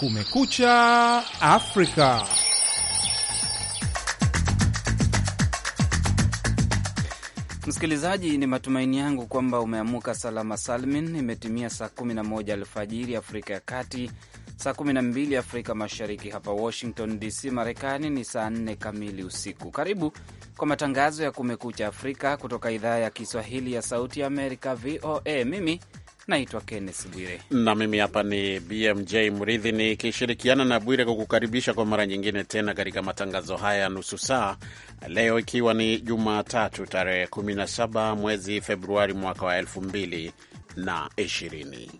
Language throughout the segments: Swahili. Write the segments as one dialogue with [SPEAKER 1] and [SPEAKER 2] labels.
[SPEAKER 1] Kumekucha Afrika.
[SPEAKER 2] Msikilizaji, ni matumaini yangu kwamba umeamuka salama salmin. Imetimia saa 11 alfajiri Afrika ya Kati, saa 12 Afrika Mashariki. Hapa Washington DC, Marekani ni saa 4 kamili usiku. Karibu kwa matangazo ya Kumekucha Afrika kutoka idhaa ya Kiswahili ya Sauti ya Amerika, VOA. Mimi Naitwa Kenneth Bwire
[SPEAKER 3] na mimi hapa ni BMJ Mridhi nikishirikiana na Bwire kukukaribisha kwa mara nyingine tena katika matangazo haya nusu saa, leo ikiwa ni Jumatatu tarehe 17 mwezi Februari mwaka wa 2020.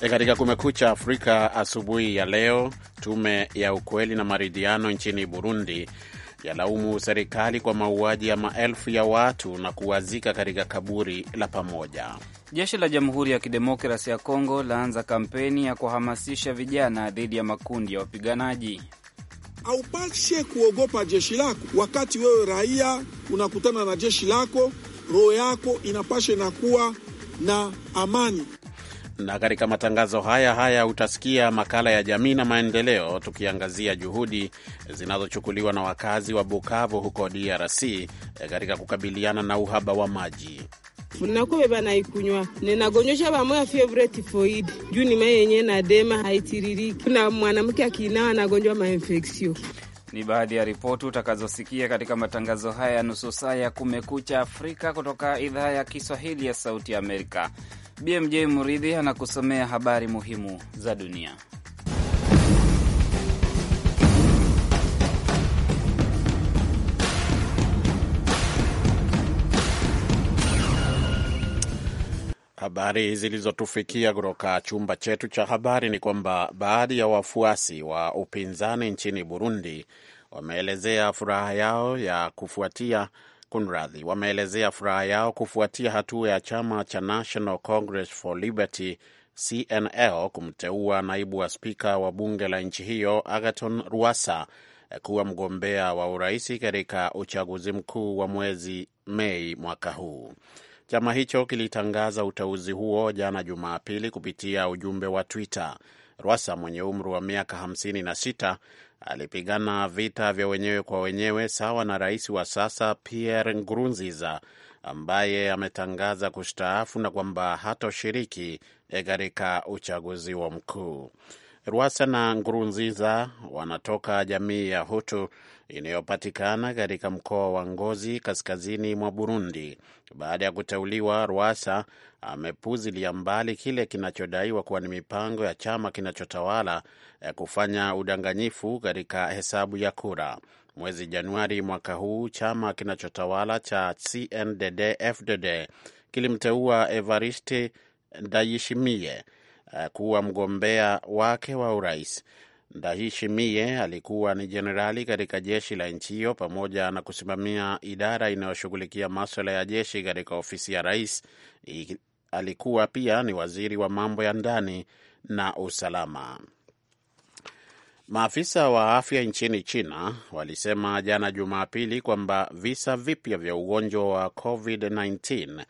[SPEAKER 3] E, katika Kumekucha Afrika asubuhi ya leo, tume ya ukweli na maridhiano nchini Burundi yalaumu serikali kwa mauaji ya maelfu ya watu na kuwazika katika kaburi la pamoja.
[SPEAKER 2] Jeshi la Jamhuri ya Kidemokrasi ya Kongo laanza kampeni ya kuhamasisha vijana dhidi ya makundi ya wapiganaji.
[SPEAKER 1] Haupashe kuogopa jeshi lako. Wakati wewe raia unakutana na jeshi lako, roho yako inapashe na kuwa na amani.
[SPEAKER 3] Na katika matangazo haya haya utasikia makala ya jamii na maendeleo, tukiangazia juhudi zinazochukuliwa na wakazi wa Bukavu huko DRC eh, katika kukabiliana na uhaba wa maji
[SPEAKER 4] nakobe banaikunywa nenagonyesha bamwe fievre tifoid juu ni mayenye na nadema haitiririki na mwanamke akinawa anagonjwa mainfeksio
[SPEAKER 2] ni baadhi ya ripoti utakazosikia katika matangazo haya ya nusu saa ya Kumekucha Afrika kutoka idhaa ya Kiswahili ya Sauti Amerika. BMJ Muridhi anakusomea habari muhimu za dunia.
[SPEAKER 3] Habari zilizotufikia kutoka chumba chetu cha habari ni kwamba baadhi ya wafuasi wa upinzani nchini Burundi wameelezea furaha yao ya kufuatia kunradhi, wameelezea furaha yao kufuatia hatua ya chama cha National Congress for Liberty CNL kumteua naibu wa spika wa bunge la nchi hiyo Agaton ruasa kuwa mgombea wa uraisi katika uchaguzi mkuu wa mwezi Mei mwaka huu. Chama hicho kilitangaza uteuzi huo jana Jumapili kupitia ujumbe wa Twitter. Rwasa mwenye umri wa miaka 56 alipigana vita vya wenyewe kwa wenyewe sawa na rais wa sasa Pierre Nkurunziza ambaye ametangaza kustaafu na kwamba hatoshiriki katika uchaguzi wa mkuu. Rwasa na Ngurunziza wanatoka jamii ya Hutu inayopatikana katika mkoa wa Ngozi kaskazini mwa Burundi. Baada ya kuteuliwa, Rwasa amepuzilia mbali kile kinachodaiwa kuwa ni mipango ya chama kinachotawala ya eh, kufanya udanganyifu katika hesabu ya kura. Mwezi Januari mwaka huu chama kinachotawala cha CNDD-FDD kilimteua Evariste Ndayishimiye Eh, kuwa mgombea wake wa urais. mie alikuwa ni jenerali katika jeshi la nchi hiyo pamoja na kusimamia idara inayoshughulikia maswala ya jeshi katika ofisi ya rais. Alikuwa pia ni waziri wa mambo ya ndani na usalama. Maafisa wa afya nchini China walisema jana Jumapili kwamba visa vipya vya ugonjwa wa COVID-19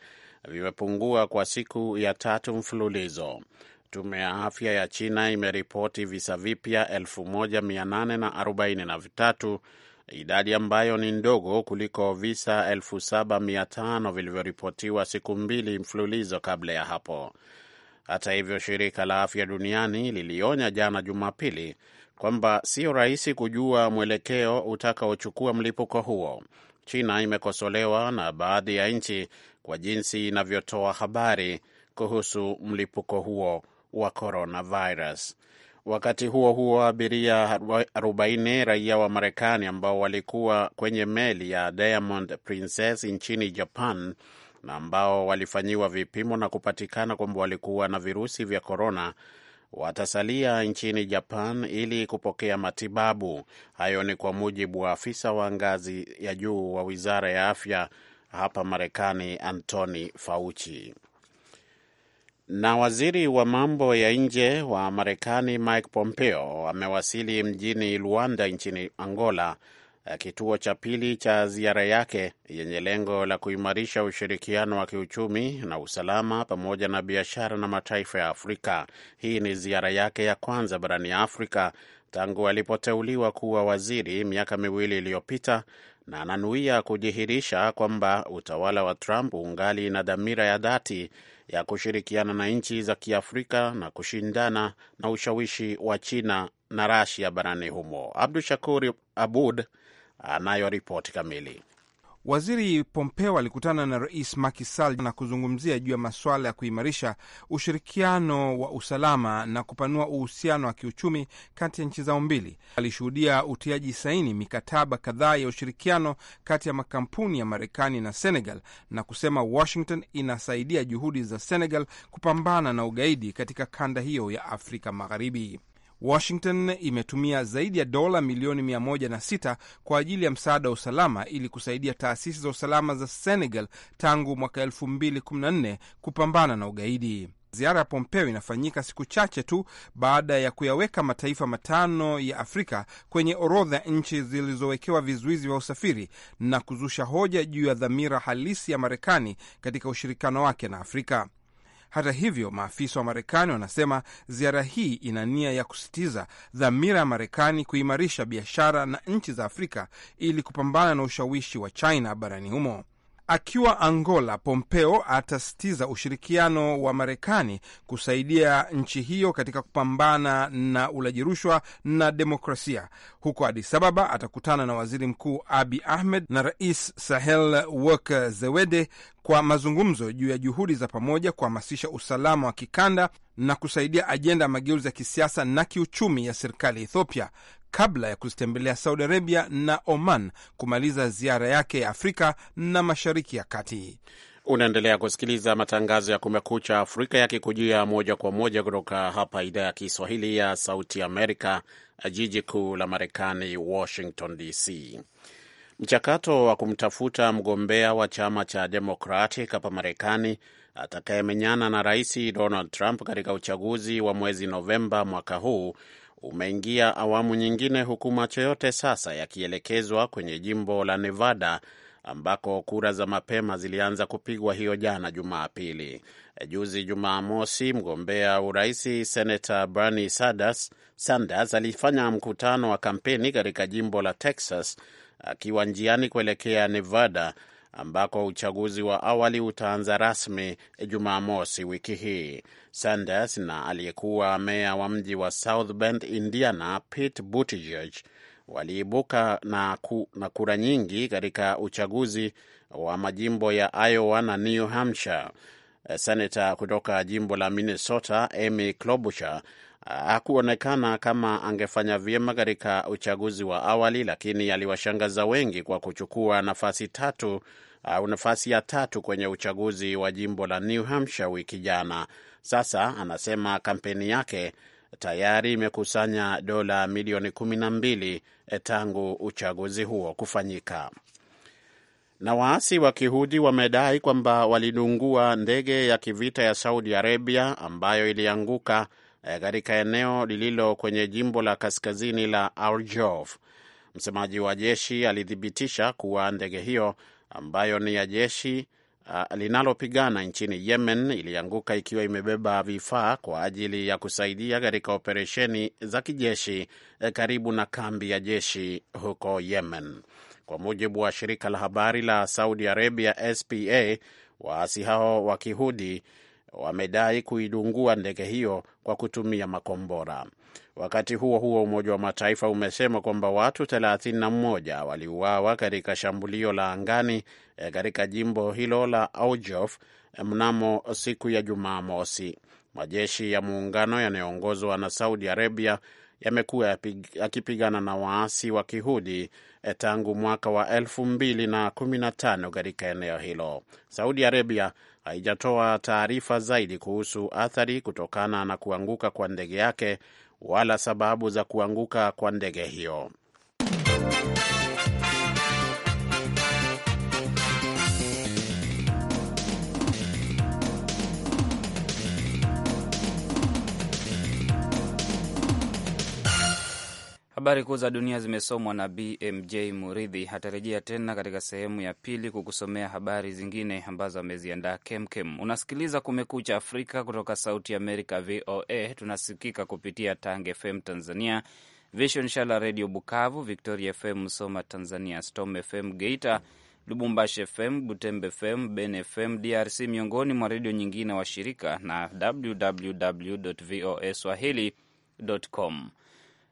[SPEAKER 3] vimepungua kwa siku ya tatu mfululizo. Tume ya afya ya China imeripoti visa vipya 1843 idadi ambayo ni ndogo kuliko visa 7500 vilivyoripotiwa siku mbili mfululizo kabla ya hapo. Hata hivyo, shirika la afya duniani lilionya jana Jumapili kwamba sio rahisi kujua mwelekeo utakaochukua mlipuko huo. China imekosolewa na baadhi ya nchi kwa jinsi inavyotoa habari kuhusu mlipuko huo wa coronavirus. Wakati huo huo, abiria 40 raia wa Marekani ambao walikuwa kwenye meli ya Diamond Princess nchini Japan na ambao walifanyiwa vipimo na kupatikana kwamba walikuwa na virusi vya korona watasalia nchini Japan ili kupokea matibabu. Hayo ni kwa mujibu wa afisa wa ngazi ya juu wa wizara ya afya hapa Marekani, Anthony Fauci. Na waziri wa mambo ya nje wa Marekani Mike Pompeo amewasili mjini Luanda nchini Angola, eh, kituo cha pili cha ziara yake yenye lengo la kuimarisha ushirikiano wa kiuchumi na usalama pamoja na biashara na mataifa ya Afrika. Hii ni ziara yake ya kwanza barani Afrika tangu alipoteuliwa kuwa waziri miaka miwili iliyopita, na ananuia kujihirisha kwamba utawala wa Trump ungali na dhamira ya dhati ya kushirikiana na nchi za Kiafrika na kushindana na ushawishi wa China na Rasia barani humo. Abdu Shakur Abud anayo ripoti kamili.
[SPEAKER 1] Waziri Pompeo alikutana na Rais Macky Sall na kuzungumzia juu ya masuala ya kuimarisha ushirikiano wa usalama na kupanua uhusiano wa kiuchumi kati ya nchi zao mbili. Alishuhudia utiaji saini mikataba kadhaa ya ushirikiano kati ya makampuni ya Marekani na Senegal na kusema Washington inasaidia juhudi za Senegal kupambana na ugaidi katika kanda hiyo ya Afrika Magharibi. Washington imetumia zaidi ya dola milioni 106 kwa ajili ya msaada wa usalama ili kusaidia taasisi za usalama za Senegal tangu mwaka 2014 kupambana na ugaidi. Ziara ya Pompeo inafanyika siku chache tu baada ya kuyaweka mataifa matano ya Afrika kwenye orodha ya nchi zilizowekewa vizuizi vya usafiri na kuzusha hoja juu ya dhamira halisi ya Marekani katika ushirikiano wake na Afrika. Hata hivyo, maafisa wa Marekani wanasema ziara hii ina nia ya kusitiza dhamira ya Marekani kuimarisha biashara na nchi za Afrika ili kupambana na ushawishi wa China barani humo. Akiwa Angola, Pompeo atasitiza ushirikiano wa Marekani kusaidia nchi hiyo katika kupambana na ulaji rushwa na demokrasia. Huko Addis Ababa atakutana na waziri mkuu Abi Ahmed na rais Sahel Work Zewede kwa mazungumzo juu ya juhudi za pamoja kuhamasisha usalama wa kikanda na kusaidia ajenda ya mageuzi ya kisiasa na kiuchumi ya serikali ya Ethiopia kabla ya kuzitembelea Saudi Arabia na Oman kumaliza ziara yake ya Afrika na Mashariki ya Kati.
[SPEAKER 3] Unaendelea kusikiliza matangazo ya Kumekucha Afrika yakikujia moja kwa moja kutoka hapa idhaa ya Kiswahili ya Sauti Amerika, jiji kuu la Marekani, Washington DC. Mchakato wa kumtafuta mgombea wa chama cha Democratic hapa Marekani atakayemenyana na Rais Donald Trump katika uchaguzi wa mwezi Novemba mwaka huu umeingia awamu nyingine, huku macho yote sasa yakielekezwa kwenye jimbo la Nevada ambako kura za mapema zilianza kupigwa hiyo jana Jumapili. E, juzi Jumamosi, mgombea uraisi senata Bernie Sanders, Sanders alifanya mkutano wa kampeni katika jimbo la Texas akiwa njiani kuelekea Nevada ambako uchaguzi wa awali utaanza rasmi Jumamosi wiki hii. Sanders na aliyekuwa meya wa mji wa South Bend, Indiana, Pete Buttigieg waliibuka na, ku, na kura nyingi katika uchaguzi wa majimbo ya Iowa na New Hampshire. Senata kutoka jimbo la Minnesota Amy Klobuchar hakuonekana kama angefanya vyema katika uchaguzi wa awali, lakini aliwashangaza wengi kwa kuchukua nafasi tatu au nafasi ya tatu kwenye uchaguzi wa jimbo la New Hampshire wiki jana. Sasa anasema kampeni yake tayari imekusanya dola milioni kumi na mbili e, tangu uchaguzi huo kufanyika. Na waasi wa kihudi wamedai kwamba walidungua ndege ya kivita ya Saudi Arabia ambayo ilianguka Eh, katika eneo lililo kwenye jimbo la kaskazini la Arjov. Msemaji wa jeshi alithibitisha kuwa ndege hiyo ambayo ni ya jeshi uh, linalopigana nchini Yemen ilianguka ikiwa imebeba vifaa kwa ajili ya kusaidia katika operesheni za kijeshi eh, karibu na kambi ya jeshi huko Yemen. Kwa mujibu wa shirika la habari la Saudi Arabia SPA, waasi hao wa Kihudi wamedai kuidungua ndege hiyo kwa kutumia makombora. Wakati huo huo, Umoja wa Mataifa umesema kwamba watu 31 waliuawa katika shambulio la angani e, katika jimbo hilo la Aujof mnamo siku ya Jumamosi. Majeshi ya muungano yanayoongozwa na Saudi Arabia yamekuwa yakipigana na waasi wa kihudi eh, tangu mwaka wa elfu katika eneo hilo. Saudi Arabia haijatoa taarifa zaidi kuhusu athari kutokana na kuanguka kwa ndege yake wala sababu za kuanguka kwa ndege hiyo.
[SPEAKER 2] Habari kuu za dunia zimesomwa na BMJ Muridhi. Atarejea tena katika sehemu ya pili kukusomea habari zingine ambazo ameziandaa kemkem. Unasikiliza Kumekucha Afrika kutoka Sauti Amerika, VOA. Tunasikika kupitia Tange FM Tanzania, Vision Shala Redio Bukavu, Victoria FM Msoma Tanzania, Storm FM Geita, Lubumbashi FM, Butembe FM, Ben FM DRC, miongoni mwa redio nyingine washirika na www voa swahili com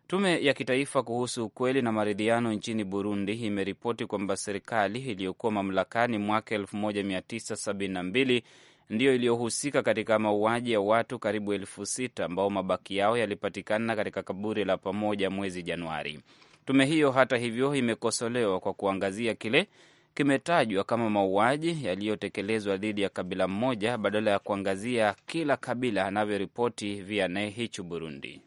[SPEAKER 2] Tume ya Kitaifa kuhusu Ukweli na Maridhiano nchini Burundi imeripoti kwamba serikali iliyokuwa mamlakani mwaka 1972 ndiyo iliyohusika katika mauaji ya watu karibu elfu sita ambao mabaki yao yalipatikana katika kaburi la pamoja mwezi Januari. Tume hiyo hata hivyo imekosolewa kwa kuangazia kile kimetajwa kama mauaji yaliyotekelezwa dhidi ya kabila mmoja badala ya kuangazia kila kabila anavyoripoti Vianney Hichu, Burundi.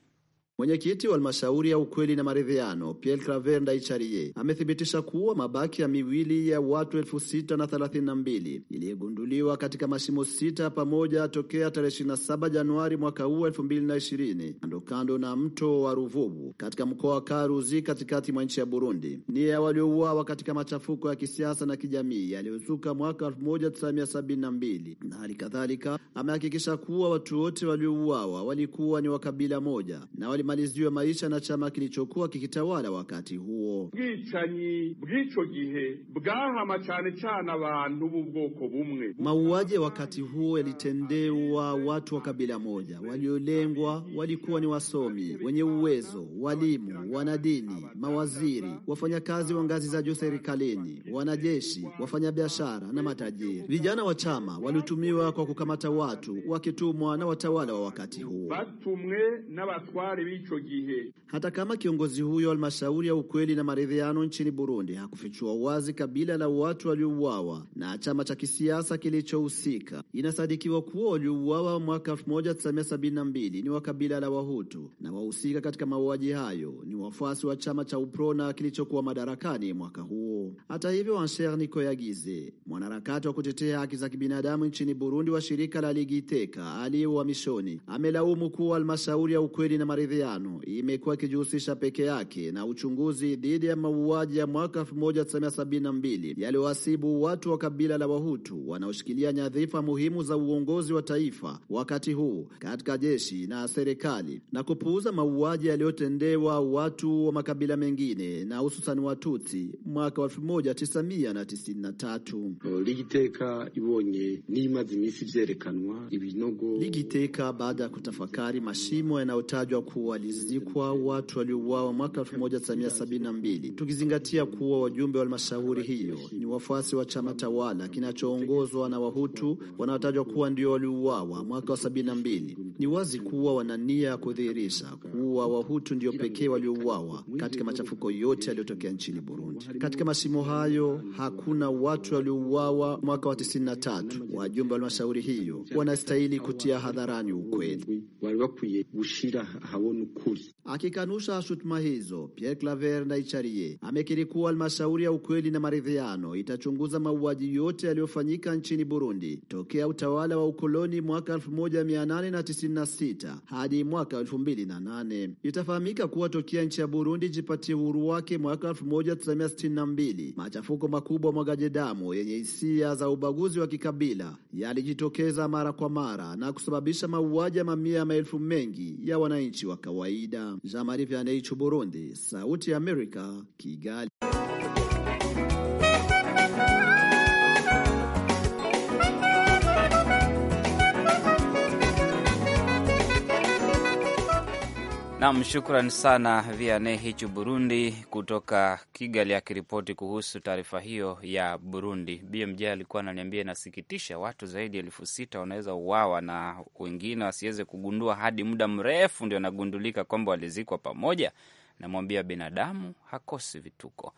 [SPEAKER 5] Mwenyekiti wa halmashauri ya ukweli na maridhiano Pierre Claver Ndaicharie amethibitisha kuwa mabaki ya miwili ya watu elfu sita na thelathini na mbili iliyogunduliwa katika mashimo sita pamoja tokea tarehe 27 Januari mwaka huu 2020 kando kando na mto wa Ruvubu katika mkoa wa Karuzi katikati mwa nchi ya Burundi ni ya waliouawa katika machafuko ya kisiasa na kijamii yaliyozuka mwaka 1972 na hali kadhalika amehakikisha kuwa watu wote waliouawa walikuwa ni wa kabila moja na wali malizio ya maisha na chama kilichokuwa kikitawala wakati huo.
[SPEAKER 1] Bwicanyi bw'ico gihe bwahama cyane cyane abantu b'ubwoko bumwe.
[SPEAKER 5] Mauaji wakati huo yalitendewa watu wa kabila moja. Waliolengwa walikuwa ni wasomi, wenye uwezo, walimu, wanadini, mawaziri, wafanyakazi wa ngazi za juu serikalini, wanajeshi, wafanyabiashara na matajiri. Vijana wa chama walitumiwa kwa kukamata watu wakitumwa na watawala wa wakati huo.
[SPEAKER 1] Batumwe batware ico
[SPEAKER 5] gihe. Hata kama kiongozi huyo halmashauri ya ukweli na maridhiano nchini Burundi hakufichua wazi kabila la watu waliouawa na chama cha kisiasa kilichohusika, inasadikiwa kuwa waliouawa mwaka 1972 ni wa kabila la Wahutu na wahusika katika mauaji hayo ni wafuasi wa chama cha UPRONA kilichokuwa madarakani mwaka huo. Hata hivyo, Ansher Nikoyagize, mwanaharakati wa kutetea haki za kibinadamu nchini Burundi wa shirika la Ligiteka aliye uhamishoni, amelaumu kuwa halmashauri ya ukweli na maridhiano tano imekuwa ikijihusisha peke yake na uchunguzi dhidi ya mauaji ya mwaka 1972 yaliyowasibu watu wa kabila la Wahutu wanaoshikilia nyadhifa muhimu za uongozi wa taifa wakati huu katika jeshi na serikali na kupuuza mauaji yaliyotendewa watu wa makabila mengine na hususan Watutsi mwaka 1993. Ligiteka ibonye vyerekanwa ibinogo. Ligiteka baada ya kutafakari mashimo yanayotajwa kuwa walizikwa watu waliouawa mwaka 1972, tukizingatia kuwa wajumbe wa halmashauri hiyo ni wafuasi wa chama tawala kinachoongozwa na Wahutu wanaotajwa kuwa ndio waliouawa mwaka wa 72. Ni wazi kuwa wana nia ya kudhihirisha kuwa Wahutu ndio pekee waliouawa katika machafuko yote yaliyotokea nchini Burundi. Katika mashimo hayo hakuna watu waliouawa mwaka wa 93. Wajumbe wa halmashauri hiyo wanastahili kutia hadharani ukweli. Akikanusha shutuma hizo, Pierre Claver Ndayicariye amekiri kuwa halmashauri ya ukweli na maridhiano itachunguza mauaji yote yaliyofanyika nchini Burundi tokea utawala wa ukoloni mwaka 1896 hadi mwaka 2008. Itafahamika kuwa tokea nchi ya Burundi jipatie uhuru wake mwaka 1962 machafuko makubwa mwagaji damu yenye hisia za ubaguzi wa kikabila yalijitokeza mara kwa mara na kusababisha mauaji ya mamia ya maelfu mengi ya wananchi wa kawaida. Jean Marie Vianney, Burundi, Sauti ya Amerika, Kigali.
[SPEAKER 2] Nam, shukran sana Viane Hichu Burundi kutoka Kigali akiripoti kuhusu taarifa hiyo ya Burundi. BMJ alikuwa ananiambia inasikitisha, watu zaidi ya elfu sita wanaweza uawa na wengine wasiweze kugundua hadi muda mrefu ndio anagundulika kwamba walizikwa pamoja. Namwambia binadamu hakosi vituko.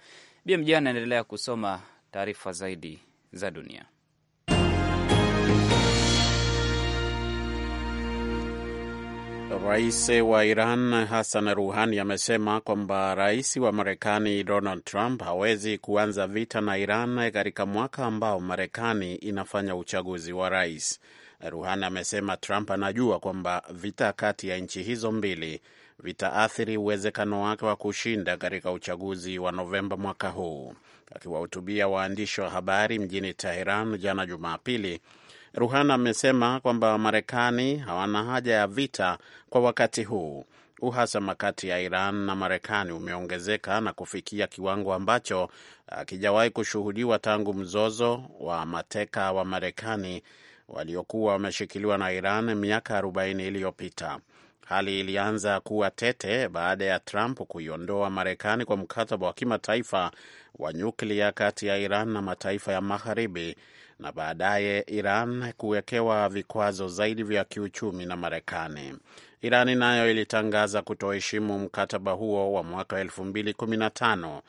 [SPEAKER 2] BMJ anaendelea kusoma
[SPEAKER 3] taarifa zaidi za dunia. Rais wa Iran Hassan ruhani amesema kwamba rais wa Marekani Donald Trump hawezi kuanza vita na Iran katika mwaka ambao Marekani inafanya uchaguzi wa rais. ruhani amesema Trump anajua kwamba vita kati ya nchi hizo mbili vitaathiri uwezekano wake wa kushinda katika uchaguzi wa Novemba mwaka huu. Akiwahutubia waandishi wa habari mjini Teheran jana Jumapili, Ruhana amesema kwamba Marekani hawana haja ya vita kwa wakati huu. Uhasama kati ya Iran na Marekani umeongezeka na kufikia kiwango ambacho hakijawahi uh, kushuhudiwa tangu mzozo wa mateka wa Marekani waliokuwa wameshikiliwa na Iran miaka 40 iliyopita. Hali ilianza kuwa tete baada ya Trump kuiondoa Marekani kwa mkataba wa kimataifa wa nyuklia kati ya Iran na mataifa ya Magharibi na baadaye Iran kuwekewa vikwazo zaidi vya kiuchumi na Marekani. iran nayo ilitangaza kutoheshimu mkataba huo wa mwaka 2015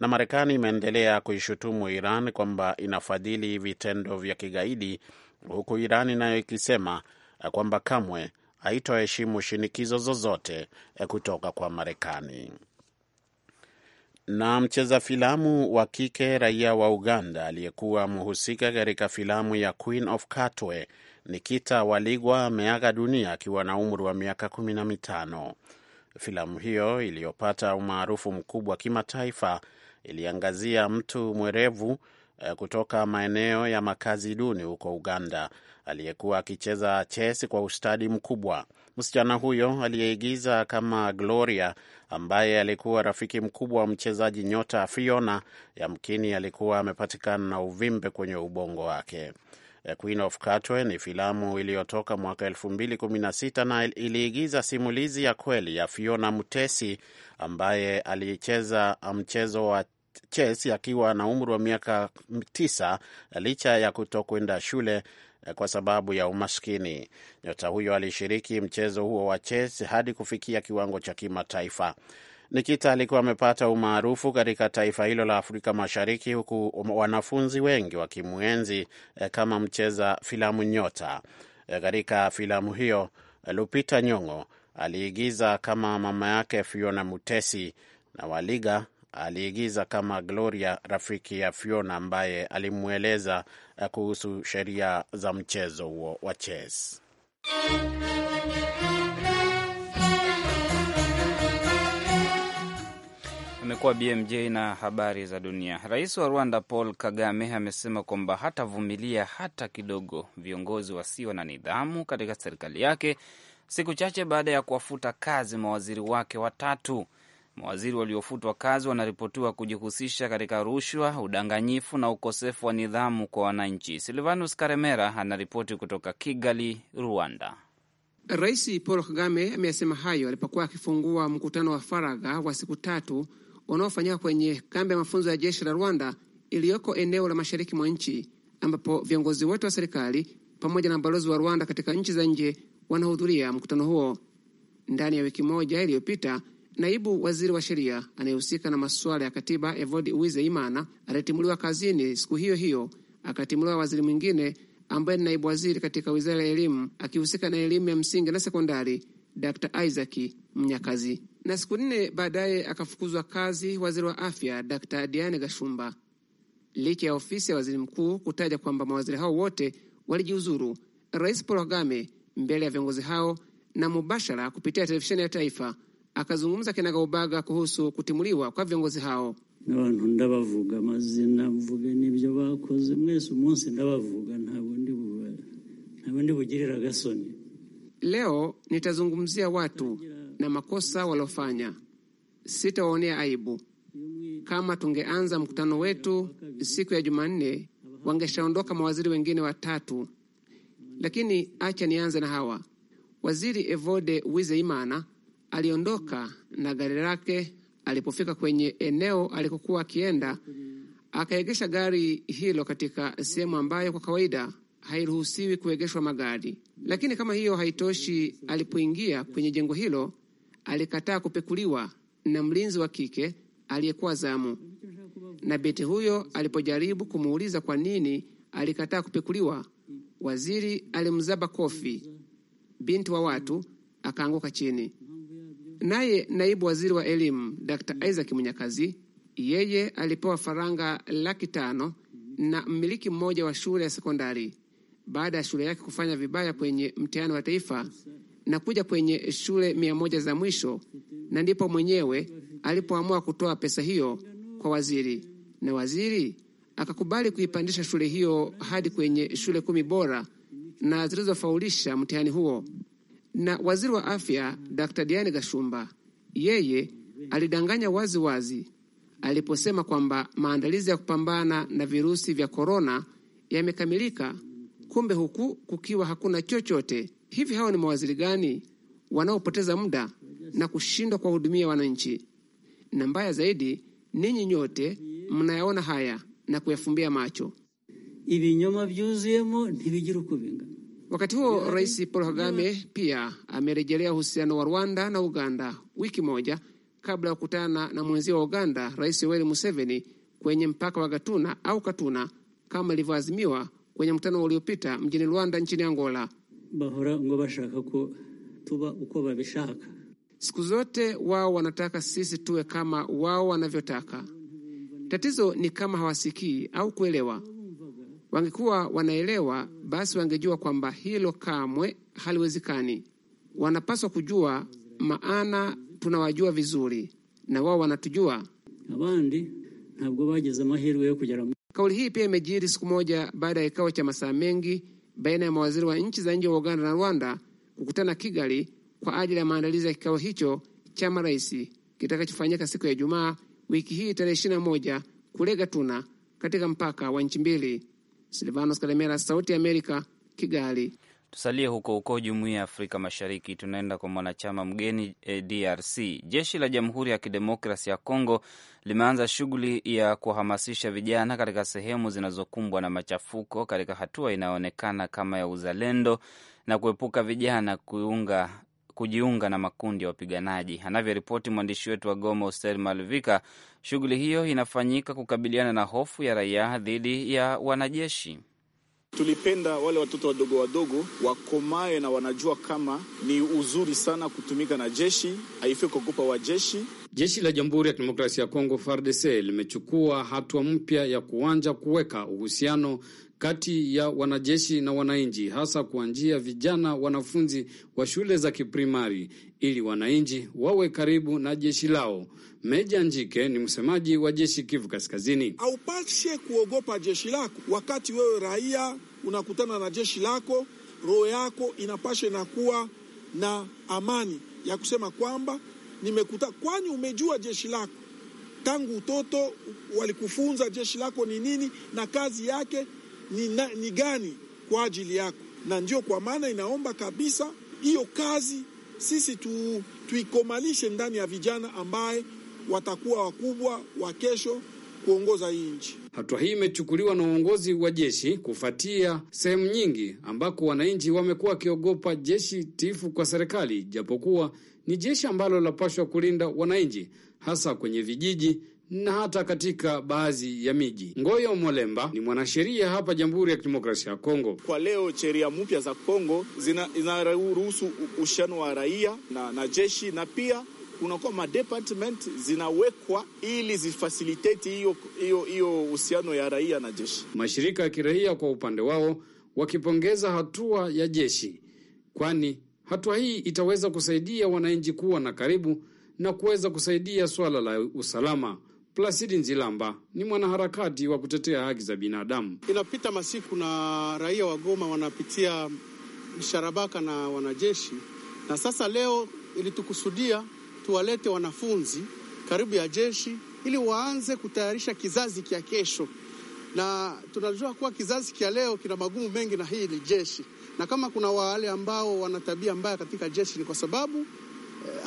[SPEAKER 3] na Marekani imeendelea kuishutumu Iran kwamba inafadhili vitendo vya kigaidi, huku iran nayo ikisema kwamba kamwe haitoheshimu shinikizo zozote kutoka kwa Marekani. Na mcheza filamu wa kike raia wa Uganda aliyekuwa mhusika katika filamu ya Queen of Katwe, Nikita Waligwa ameaga dunia akiwa na umri wa miaka kumi na mitano. Filamu hiyo iliyopata umaarufu mkubwa kimataifa iliangazia mtu mwerevu eh, kutoka maeneo ya makazi duni huko Uganda aliyekuwa akicheza chesi kwa ustadi mkubwa. Msichana huyo aliyeigiza kama Gloria, ambaye alikuwa rafiki mkubwa wa mchezaji nyota Fiona, yamkini alikuwa amepatikana na uvimbe kwenye ubongo wake. Eh, Queen of Katwe ni filamu iliyotoka mwaka 2016 na iliigiza simulizi ya kweli ya Fiona Mutesi ambaye alicheza mchezo wa chess akiwa na umri wa miaka tisa licha ya kutokwenda shule Eh, kwa sababu ya umaskini. Nyota huyo alishiriki mchezo huo wa chess hadi kufikia kiwango cha kimataifa. Nikita alikuwa amepata umaarufu katika taifa hilo la Afrika Mashariki, huku wanafunzi wengi wakimwenzi eh, kama mcheza filamu nyota. Eh, katika filamu hiyo, Lupita Nyong'o aliigiza kama mama yake Fiona Mutesi na Waliga aliigiza kama Gloria, rafiki ya Fiona, ambaye alimweleza Eh, kuhusu sheria za mchezo huo wa chess.
[SPEAKER 2] Amekuwa BMJ na habari za dunia. Rais wa Rwanda Paul Kagame amesema kwamba hatavumilia hata kidogo viongozi wasio na nidhamu katika serikali yake, siku chache baada ya kuwafuta kazi mawaziri wake watatu. Mawaziri waliofutwa kazi wanaripotiwa kujihusisha katika rushwa, udanganyifu na ukosefu wa nidhamu kwa wananchi. Silvanus Karemera anaripoti kutoka Kigali, Rwanda.
[SPEAKER 4] Rais Paul Kagame ameyasema hayo alipokuwa akifungua mkutano wa faragha wa siku tatu unaofanyika kwenye kambi ya mafunzo ya jeshi la Rwanda iliyoko eneo la mashariki mwa nchi, ambapo viongozi wote wa serikali pamoja na balozi wa Rwanda katika nchi za nje wanahudhuria mkutano huo. Ndani ya wiki moja iliyopita Naibu waziri wa sheria anayehusika na masuala ya katiba Evode imana alitimuliwa kazini siku hiyo hiyo, akatimuliwa waziri mwingine ambaye ni naibu waziri katika wizara ya elimu akihusika na elimu ya msingi na sekondari Dr Isaac Mnyakazi, na siku nne baadaye akafukuzwa kazi waziri wa afya Dr Diane Gashumba, licha ya ofisi ya waziri mkuu kutaja kwamba mawaziri hao wote walijiuzuru. Rais Paul Kagame mbele ya viongozi hao na mubashara kupitia televisheni ya taifa akazungumza ubaga kuhusu kutimuliwa kwa viongozi hao. abantu ndabavuga mazina mvuge n'ibyo bakoze mwese umunsi ndabavuga ntabwo ndi bugirira gasoni. Leo nitazungumzia watu na makosa waliofanya, sitawaonea aibu. Kama tungeanza mkutano wetu siku ya Jumanne, wangeshaondoka mawaziri wengine watatu, lakini acha nianze na hawa. Waziri Evode Wizeimana Aliondoka na gari lake. Alipofika kwenye eneo alikokuwa akienda, akaegesha gari hilo katika sehemu ambayo kwa kawaida hairuhusiwi kuegeshwa magari. Lakini kama hiyo haitoshi, alipoingia kwenye jengo hilo alikataa kupekuliwa na mlinzi wa kike aliyekuwa zamu, na binti huyo alipojaribu kumuuliza kwa nini alikataa kupekuliwa, waziri alimzaba kofi. Binti wa watu akaanguka chini. Naye naibu waziri wa elimu Dr. Isaac Munyakazi yeye alipewa faranga laki tano na mmiliki mmoja wa shule ya sekondari baada ya shule yake kufanya vibaya kwenye mtihani wa taifa na kuja kwenye shule mia moja za mwisho, na ndipo mwenyewe alipoamua kutoa pesa hiyo kwa waziri, na waziri akakubali kuipandisha shule hiyo hadi kwenye shule kumi bora na zilizofaulisha mtihani huo na waziri wa afya Dr. Diane Gashumba yeye alidanganya wazi wazi aliposema kwamba maandalizi ya kupambana na virusi vya korona yamekamilika, kumbe huku kukiwa hakuna chochote. Hivi hao ni mawaziri gani wanaopoteza muda na kushindwa kuwahudumia wananchi? Na mbaya zaidi, ninyi nyote mnayaona haya na kuyafumbia macho.
[SPEAKER 2] ivinyoma vyuzuyemo ntibigira uko bingana
[SPEAKER 4] Wakati huo Rais Paul Kagame pia amerejelea uhusiano wa Rwanda na Uganda wiki moja kabla ya kukutana na mwenzia wa Uganda Rais Yoweri Museveni kwenye mpaka wa Gatuna au Katuna kama ilivyoazimiwa kwenye mkutano uliopita mjini Rwanda nchini Angola. bahora ngo bashaka ko tuba uko babishaka, siku zote wao wanataka sisi tuwe kama wao wanavyotaka. Tatizo ni kama hawasikii au kuelewa Wangekuwa wanaelewa, basi wangejua kwamba hilo kamwe haliwezekani. Wanapaswa kujua, maana tunawajua vizuri na wao wanatujua. Abandi ntabwo amahirwe yo kugera. Kauli hii pia imejiri siku moja baada ya kikao cha masaa mengi baina ya mawaziri wa nchi za nje wa Uganda na Rwanda kukutana Kigali kwa ajili ya maandalizi ya kikao hicho cha marais kitakachofanyika siku ya Ijumaa wiki hii tarehe 21 kule Gatuna katika mpaka wa nchi mbili. Silvanos Kalemera, Sauti ya Amerika, Kigali. Tusalie
[SPEAKER 2] huko huko Jumuiya ya Afrika Mashariki, tunaenda kwa mwanachama mgeni eh, DRC. Jeshi la Jamhuri ya Kidemokrasi ya Kongo limeanza shughuli ya kuhamasisha vijana katika sehemu zinazokumbwa na machafuko katika hatua inayoonekana kama ya uzalendo na kuepuka vijana kuunga kujiunga na makundi ya wapiganaji. Anavyoripoti mwandishi wetu wa Goma, Hoster Malvika, shughuli hiyo inafanyika kukabiliana na hofu ya raia dhidi ya wanajeshi.
[SPEAKER 1] Tulipenda wale watoto wadogo wadogo wakomae na wanajua kama ni uzuri sana kutumika na jeshi, haifai kuogopa wa
[SPEAKER 6] Jeshi la Jamhuri ya Kidemokrasia ya Kongo, FARDC, limechukua hatua mpya ya kuanja kuweka uhusiano kati ya wanajeshi na wananchi, hasa kwa njia vijana wanafunzi wa shule za kiprimari, ili wananchi wawe karibu na jeshi lao. Meja Njike ni msemaji wa jeshi Kivu Kaskazini.
[SPEAKER 1] Haupashe kuogopa jeshi lako. Wakati wewe raia unakutana na jeshi lako, roho yako inapashe na kuwa na amani ya kusema kwamba nimekuta, kwani umejua jeshi lako tangu utoto, walikufunza jeshi lako ni nini na kazi yake ni, na, ni gani kwa ajili yako, na ndio kwa maana inaomba kabisa hiyo kazi sisi tu, tuikomalishe ndani ya vijana ambaye watakuwa wakubwa wa kesho kuongoza hii nchi.
[SPEAKER 6] Hatua hii imechukuliwa na uongozi wa jeshi kufuatia sehemu nyingi ambako wananchi wamekuwa wakiogopa jeshi tifu kwa serikali, japokuwa ni jeshi ambalo linapaswa kulinda wananchi hasa kwenye vijiji na hata katika baadhi ya miji. Ngoyo Molemba ni mwanasheria hapa Jamhuri ya Kidemokrasia ya Kongo.
[SPEAKER 1] Kwa leo sheria mpya za Kongo zinaruhusu uhusiano wa raia na, na jeshi na pia kunakuwa madepartment zinawekwa ili zifasiliteti hiyo hiyo hiyo uhusiano ya raia na jeshi.
[SPEAKER 6] Mashirika ya kiraia kwa upande wao wakipongeza hatua ya jeshi, kwani hatua hii itaweza kusaidia wananchi kuwa na karibu na kuweza kusaidia swala la usalama. Plasidi Nzilamba ni mwanaharakati wa kutetea haki za binadamu.
[SPEAKER 3] Inapita masiku na raia wa Goma wanapitia sharabaka na wanajeshi, na sasa leo ilitukusudia tuwalete wanafunzi karibu ya jeshi ili waanze kutayarisha kizazi kya kesho, na tunajua kuwa kizazi kya leo kina magumu mengi, na hii ni jeshi, na kama kuna wale ambao wana tabia mbaya katika jeshi ni kwa sababu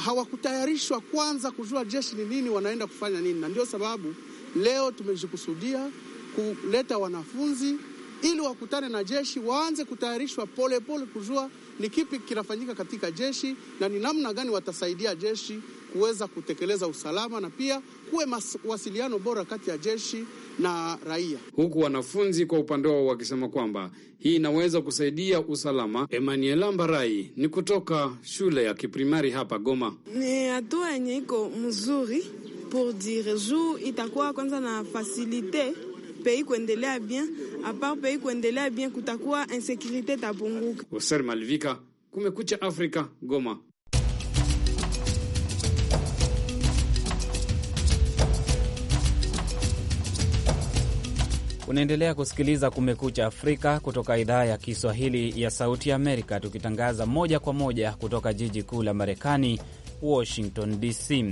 [SPEAKER 3] hawakutayarishwa kwanza kujua jeshi ni nini, wanaenda kufanya nini, na ndio sababu leo tumejikusudia kuleta wanafunzi ili wakutane na jeshi, waanze kutayarishwa polepole, kujua ni kipi kinafanyika katika jeshi na ni namna gani watasaidia jeshi kuweza kutekeleza usalama na pia kuwe mawasiliano bora kati ya jeshi na raia.
[SPEAKER 6] Huku wanafunzi kwa upande wao wakisema kwamba hii inaweza kusaidia usalama. Emmanuel Ambarai ni kutoka shule ya kiprimari hapa Goma.
[SPEAKER 7] Ni hatua yenye iko mzuri pour dire juu itakuwa kwanza na fasilite pei kuendelea bien, apart pei kuendelea bien, kutakuwa insekurite tapunguka.
[SPEAKER 6] Hoser Malvika, Kumekucha Afrika, Goma.
[SPEAKER 2] Unaendelea kusikiliza Kumekucha Afrika kutoka idhaa ya Kiswahili ya Sauti Amerika, tukitangaza moja kwa moja kutoka jiji kuu la Marekani, Washington DC.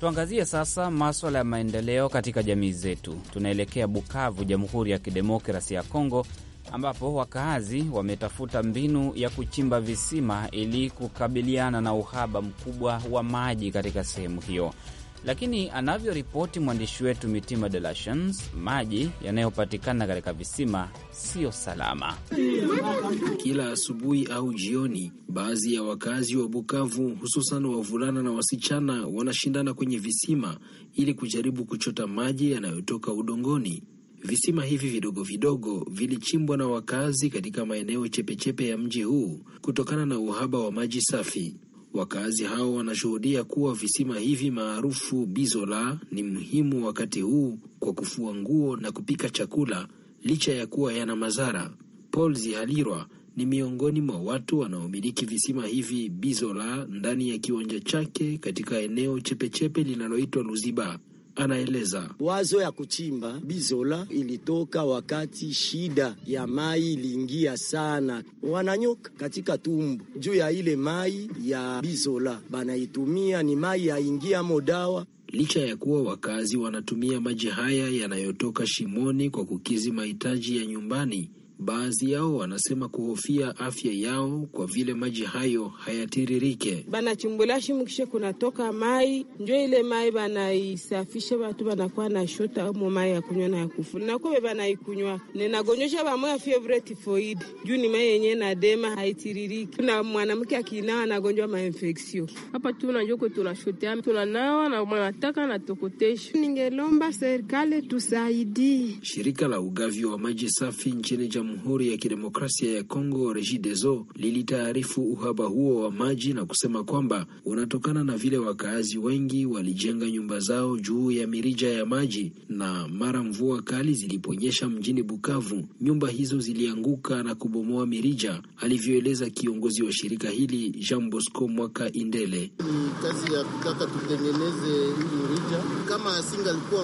[SPEAKER 2] Tuangazie sasa maswala ya maendeleo katika jamii zetu. Tunaelekea Bukavu, Jamhuri ya Kidemokrasi ya Kongo, ambapo wakaazi wametafuta mbinu ya kuchimba visima ili kukabiliana na uhaba mkubwa wa maji katika sehemu hiyo lakini anavyoripoti mwandishi wetu Mitima de la maji yanayopatikana katika visima siyo salama.
[SPEAKER 7] Kila asubuhi au jioni, baadhi ya wakazi wa Bukavu, hususan wavulana na wasichana, wanashindana kwenye visima ili kujaribu kuchota maji yanayotoka udongoni. Visima hivi vidogo vidogo vilichimbwa na wakazi katika maeneo chepechepe ya mji huu kutokana na uhaba wa maji safi. Wakazi hao wanashuhudia kuwa visima hivi maarufu bizola ni muhimu wakati huu kwa kufua nguo na kupika chakula licha ya kuwa yana madhara. Paul Zihalirwa ni miongoni mwa watu wanaomiliki visima hivi bizola ndani ya kiwanja chake katika eneo chepechepe linaloitwa Luziba anaeleza wazo ya kuchimba bizola ilitoka wakati shida ya mai iliingia sana, wananyoka katika tumbo juu ya ile mai ya bizola banaitumia, ni mai yaingia modawa Licha ya kuwa wakazi wanatumia maji haya yanayotoka shimoni kwa kukizi mahitaji ya nyumbani, Baadhi yao wanasema kuhofia afya yao kwa vile maji hayo hayatiririke.
[SPEAKER 4] Banachimbulashe mukishe kunatoka mai njo ile mai banaisafisha batu banakuwa na shota mo mai ya kunywa na ya kufuna nakobe banaikunywa nenagonjosha ya fievre tifoid juu ni mai yenye nadema haitiririki na mwanamke akinawa anagonjwa mainfeksio. Hapa tu najoko tunashotea tunanawa na mwanataka na tokotesha. Ningelomba serikali tusaidii.
[SPEAKER 7] Shirika la ugavi wa maji safi nchini Jamhuri Jamhuri ya Kidemokrasia ya Kongo Regideso lilitaarifu uhaba huo wa maji na kusema kwamba unatokana na vile wakaazi wengi walijenga nyumba zao juu ya mirija ya maji, na mara mvua kali ziliponyesha mjini Bukavu, nyumba hizo zilianguka na kubomoa mirija, alivyoeleza kiongozi wa shirika hili Jean Bosco Mwaka Indele.
[SPEAKER 3] Ni kazi ya tutengeneze mirija,
[SPEAKER 7] kama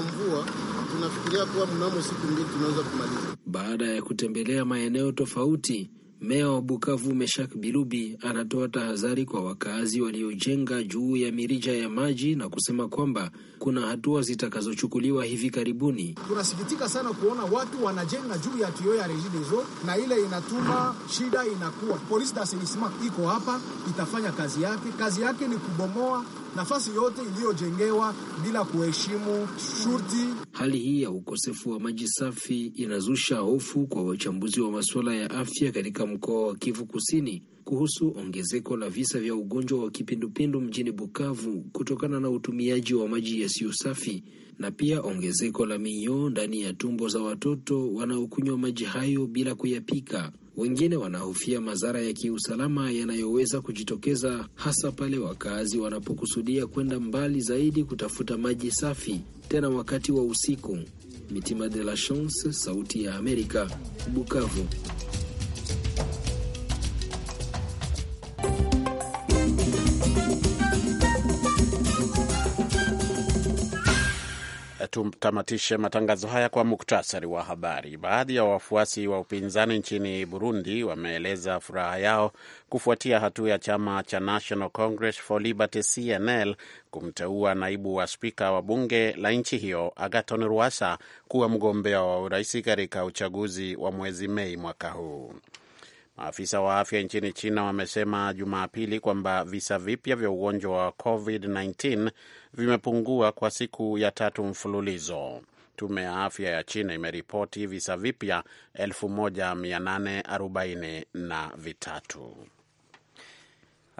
[SPEAKER 7] mvua tunafikiria kuwa mnamo siku mbili tunaweza kumaliza. Baada ya kutembelea maeneo tofauti, Meya wa Bukavu Meshak Bilubi anatoa tahadhari kwa wakaazi waliojenga juu ya mirija ya maji na kusema kwamba kuna hatua zitakazochukuliwa hivi karibuni.
[SPEAKER 1] Tunasikitika sana kuona watu wanajenga juu ya tio ya rejidezo, na ile inatuma shida inakuwa. Polisi dasenisma iko hapa, itafanya kazi yake. Kazi yake ni kubomoa nafasi yote iliyojengewa bila kuheshimu shurti.
[SPEAKER 7] Hali hii ya ukosefu wa maji safi inazusha hofu kwa wachambuzi wa masuala ya afya katika mkoa wa Kivu Kusini kuhusu ongezeko la visa vya ugonjwa wa kipindupindu mjini Bukavu kutokana na utumiaji wa maji yasiyo safi na pia ongezeko la minyoo ndani ya tumbo za watoto wanaokunywa maji hayo bila kuyapika. Wengine wanahofia madhara ya kiusalama yanayoweza kujitokeza hasa pale wakazi wanapokusudia kwenda mbali zaidi kutafuta maji safi, tena wakati wa usiku. Mitima de la Chance, Sauti ya Amerika, Bukavu.
[SPEAKER 3] tutamatishe matangazo haya kwa muktasari wa habari. Baadhi ya wafuasi wa upinzani nchini Burundi wameeleza furaha yao kufuatia hatua ya chama cha National Congress for Liberty CNL kumteua naibu wa spika wa bunge la nchi hiyo Agaton Rwasa kuwa mgombea wa urais katika uchaguzi wa mwezi Mei mwaka huu. Maafisa wa afya nchini China wamesema Jumapili kwamba visa vipya vya ugonjwa wa COVID-19 vimepungua kwa siku ya tatu mfululizo. Tume ya afya ya China imeripoti visa vipya 1843.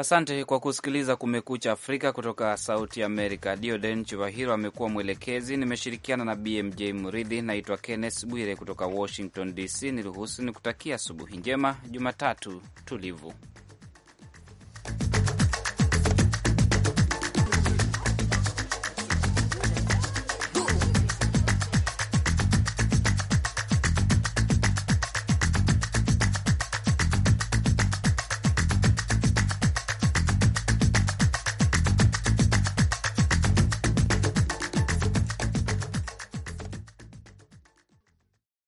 [SPEAKER 3] Asante kwa kusikiliza Kumekucha Afrika kutoka Sauti Amerika.
[SPEAKER 2] Dioden Chivahiro amekuwa mwelekezi, nimeshirikiana na BMJ Muridhi. Naitwa Kenneth Bwire kutoka Washington DC. Niruhusu kutakia asubuhi njema, Jumatatu tulivu.